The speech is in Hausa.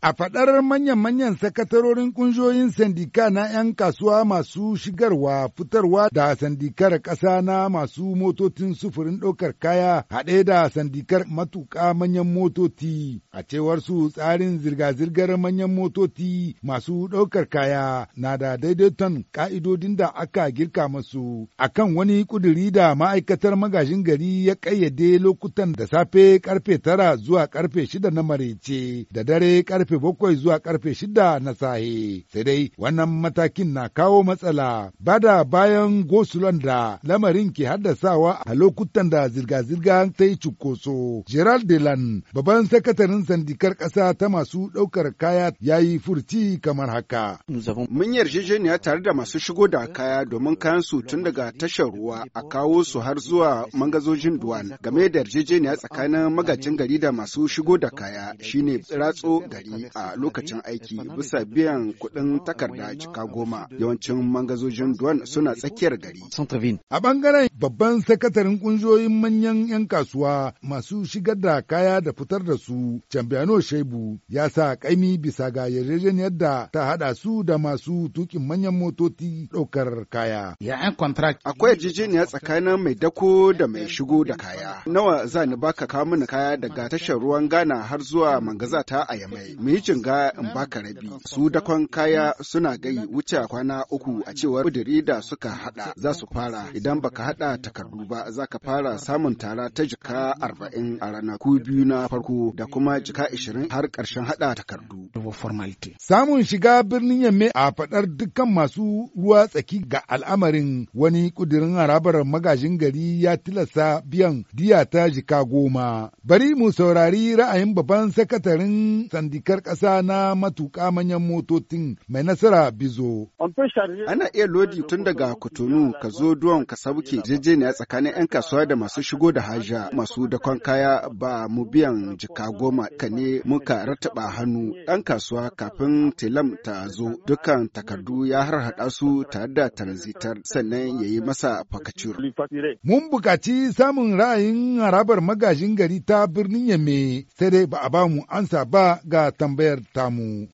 A faɗar manyan-manyan sakatarorin ƙungiyoyin sandika na 'yan kasuwa masu shigarwa fitarwa da sandikar ƙasa na masu motocin sufurin ɗaukar kaya haɗe da sandikar matuƙa manyan motoci a cewar su tsarin zirga-zirgar manyan motoci masu ɗaukar kaya na da daidaiton ƙa'idodin da aka girka masu kan wani ƙuduri da ma'aikatar magajin gari ya ƙayyade lokutan da safe ƙarfe tara zuwa ƙarfe shida na marece da dare ƙarfe karfe bakwai zuwa karfe shida na sahe. Sai dai wannan matakin na kawo matsala bada bayan gosulan da lamarin ke haddasawa a lokutan da zirga-zirga ta yi cikoso Gerald Delan, babban sakatarin sandikar kasa ta masu ɗaukar kaya ya yi furci kamar haka. Mun yarjejeniya tare da masu shigo da kaya domin kayan su tun daga tashar ruwa a kawo su har zuwa mangazojin duwan game da yarjejeniya tsakanin magajin gari da masu shigo da kaya shine ratso gari a lokacin aiki bisa biyan kuɗin takarda cika goma yawancin mangazojin duwan suna tsakiyar gari. A ɓangaren babban sakataren ƙungiyoyin manyan 'yan kasuwa masu shigar da kaya da fitar da su Cambiano Shebu ya sa ƙaimi bisa ga yarjejeniyar da ta haɗa su da masu tukin manyan motoci ɗaukar kaya. Akwai yarjejeniya tsakanin mai dako da mai shigo da kaya. Nawa za ni baka kawo mini kaya daga tashar ruwan Ghana har zuwa mangazata a Yamai. mu yi in baka rabi su dakon kaya suna gai wuce kwana uku a cewar kudiri da suka hada za su fara idan baka hada takardu ba za ka fara samun tara ta jika arba'in a ku biyu na farko da kuma jika ishirin har karshen hada takardu. Samun shiga birnin Yamme a faɗar dukkan masu ruwa tsaki ga al'amarin wani kudirin harabar magajin gari ya tilasta biyan diya ta jika goma. Bari mu saurari ra'ayin babban sakatarin sandikar dokar ƙasa na matuƙa manyan motocin mai nasara bizo. Ana iya lodi tun daga Kotonu ka zo duwan ka sauke tsakanin 'yan kasuwa da masu shigo da haja masu dakon kaya ba mu biyan jika goma ka ne muka rattaba hannu ɗan kasuwa kafin tilam ta zo dukkan takardu ya harhaɗa su tare da transitar sannan ya yi masa fakacur. Mun bukaci samun ra'ayin harabar magajin gari ta birnin Yamme sai dai ba a bamu ansa ba ga tam tambayar tamu